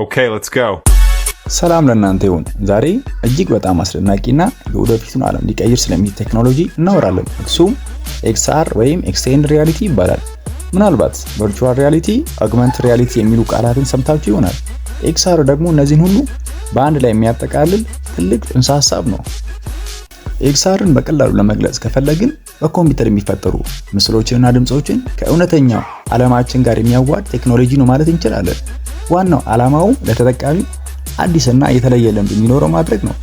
ኦኬ ሌትስ ጎ። ሰላም ለእናንተ ይሁን። ዛሬ እጅግ በጣም አስደናቂና የወደፊቱን ዓለም ሊቀይር ስለሚል ቴክኖሎጂ እናወራለን። እሱም ኤክስአር ወይም ኤክስቴንድ ሪያሊቲ ይባላል። ምናልባት ቨርቹዋል ሪያሊቲ፣ አግመንት ሪያሊቲ የሚሉ ቃላትን ሰምታችሁ ይሆናል። ኤክስአር ደግሞ እነዚህን ሁሉ በአንድ ላይ የሚያጠቃልል ትልቅ ጥንሰ ሀሳብ ነው። ኤክስአርን በቀላሉ ለመግለጽ ከፈለግን በኮምፒውተር የሚፈጠሩ ምስሎችንና ድምፆችን ከእውነተኛው ዓለማችን ጋር የሚያዋድ ቴክኖሎጂ ነው ማለት እንችላለን። ዋናው ዓላማው ለተጠቃሚ አዲስና የተለየ ልምድ እንዲኖረው ማድረግ ነው።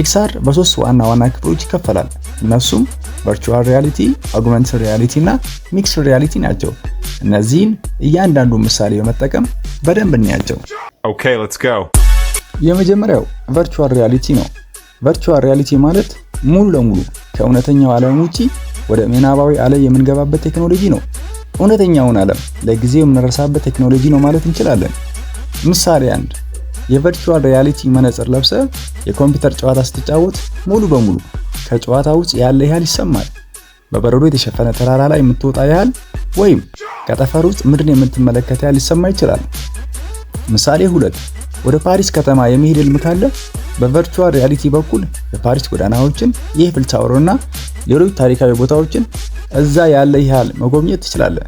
ኤክስአር በሶስት ዋና ዋና ክፍሎች ይከፈላል። እነሱም ቨርቹዋል ሪያሊቲ፣ አግመንት ሪያሊቲ እና ሚክስ ሪያሊቲ ናቸው። እነዚህን እያንዳንዱ ምሳሌ በመጠቀም በደንብ እናያቸው። ኦኬ ሌትስ ጎ። የመጀመሪያው ቨርቹዋል ሪያሊቲ ነው። ቨርቹዋል ሪያሊቲ ማለት ሙሉ ለሙሉ ከእውነተኛው ዓለም ውጪ ወደ ምናባዊ ዓለም የምንገባበት ቴክኖሎጂ ነው። እውነተኛውን ዓለም ለጊዜው የምንረሳበት ቴክኖሎጂ ነው ማለት እንችላለን። ምሳሌ አንድ የቨርቹዋል ሪያሊቲ መነጽር ለብሰ የኮምፒውተር ጨዋታ ስትጫወት ሙሉ በሙሉ ከጨዋታ ውጭ ያለ ያህል ይሰማል። በበረዶ የተሸፈነ ተራራ ላይ የምትወጣ ያህል ወይም ከጠፈር ውስጥ ምድርን የምትመለከት ያህል ሊሰማ ይችላል። ምሳሌ ሁለት ወደ ፓሪስ ከተማ የመሄድ ህልም ካለ በቨርቹዋል ሪያሊቲ በኩል የፓሪስ ጎዳናዎችን፣ የኤፍል ታወርና ሌሎች ታሪካዊ ቦታዎችን እዛ ያለ ያህል መጎብኘት ትችላለህ።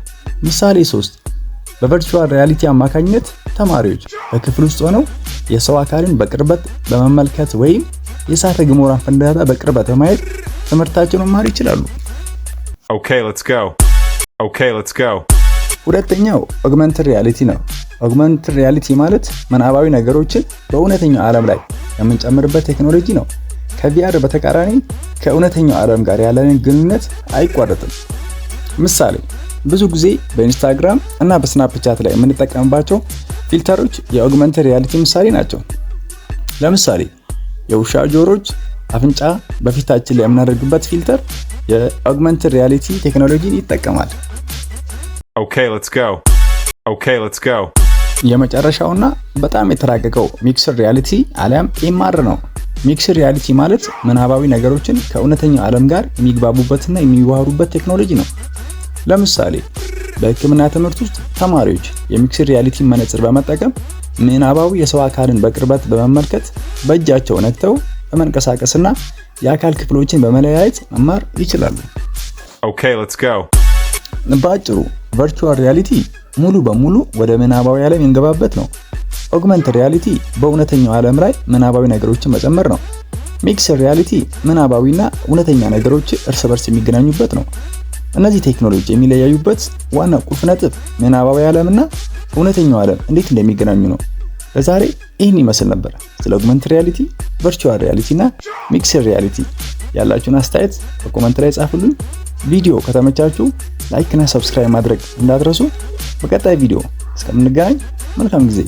ምሳሌ 3 በቨርቹዋል ሪያሊቲ አማካኝነት ተማሪዎች በክፍል ውስጥ ሆነው የሰው አካልን በቅርበት በመመልከት ወይም የእሳተ ገሞራን ፍንዳታ በቅርበት በማየት ትምህርታቸውን መማር ይችላሉ። ሁለተኛው ኦግመንትድ ሪያሊቲ ነው። ኦግመንትድ ሪያሊቲ ማለት ምናባዊ ነገሮችን በእውነተኛው ዓለም ላይ የምንጨምርበት ቴክኖሎጂ ነው። ከቪአር በተቃራኒ ከእውነተኛው ዓለም ጋር ያለንን ግንኙነት አይቋረጥም። ምሳሌ ብዙ ጊዜ በኢንስታግራም እና በስናፕቻት ላይ የምንጠቀምባቸው ፊልተሮች የኦግመንት ሪያሊቲ ምሳሌ ናቸው። ለምሳሌ የውሻ ጆሮች አፍንጫ በፊታችን ላይ የምናደርግበት ፊልተር የኦግመንት ሪያሊቲ ቴክኖሎጂን ይጠቀማል። የመጨረሻውና በጣም የተራቀቀው ሚክስር ሪያሊቲ አሊያም ኤምአር ነው። ሚክስር ሪያሊቲ ማለት ምናባዊ ነገሮችን ከእውነተኛው ዓለም ጋር የሚግባቡበትና የሚዋሃዱበት ቴክኖሎጂ ነው። ለምሳሌ በህክምና ትምህርት ውስጥ ተማሪዎች የሚክስድ ሪያሊቲ መነጽር በመጠቀም ምናባዊ የሰው አካልን በቅርበት በመመልከት በእጃቸው ነክተው በመንቀሳቀስና የአካል ክፍሎችን በመለያየት መማር ይችላሉ። በአጭሩ ቨርቹዋል ሪያሊቲ ሙሉ በሙሉ ወደ ምናባዊ ዓለም የንገባበት ነው። ኦግመንት ሪያሊቲ በእውነተኛው ዓለም ላይ ምናባዊ ነገሮችን መጨመር ነው። ሚክስ ሪያሊቲ ምናባዊና እውነተኛ ነገሮች እርስ በርስ የሚገናኙበት ነው። እነዚህ ቴክኖሎጂ የሚለያዩበት ዋና ቁልፍ ነጥብ ምናባዊ ዓለምና እውነተኛው ዓለም እንዴት እንደሚገናኙ ነው። ለዛሬ ይህን ይመስል ነበር። ስለ ኦግመንት ሪያሊቲ፣ ቨርቹዋል ሪያሊቲ እና ሚክስድ ሪያሊቲ ያላችሁን አስተያየት በኮመንት ላይ ጻፉልኝ። ቪዲዮ ከተመቻችሁ ላይክ እና ሰብስክራይብ ማድረግ እንዳትረሱ። በቀጣይ ቪዲዮ እስከምንገናኝ መልካም ጊዜ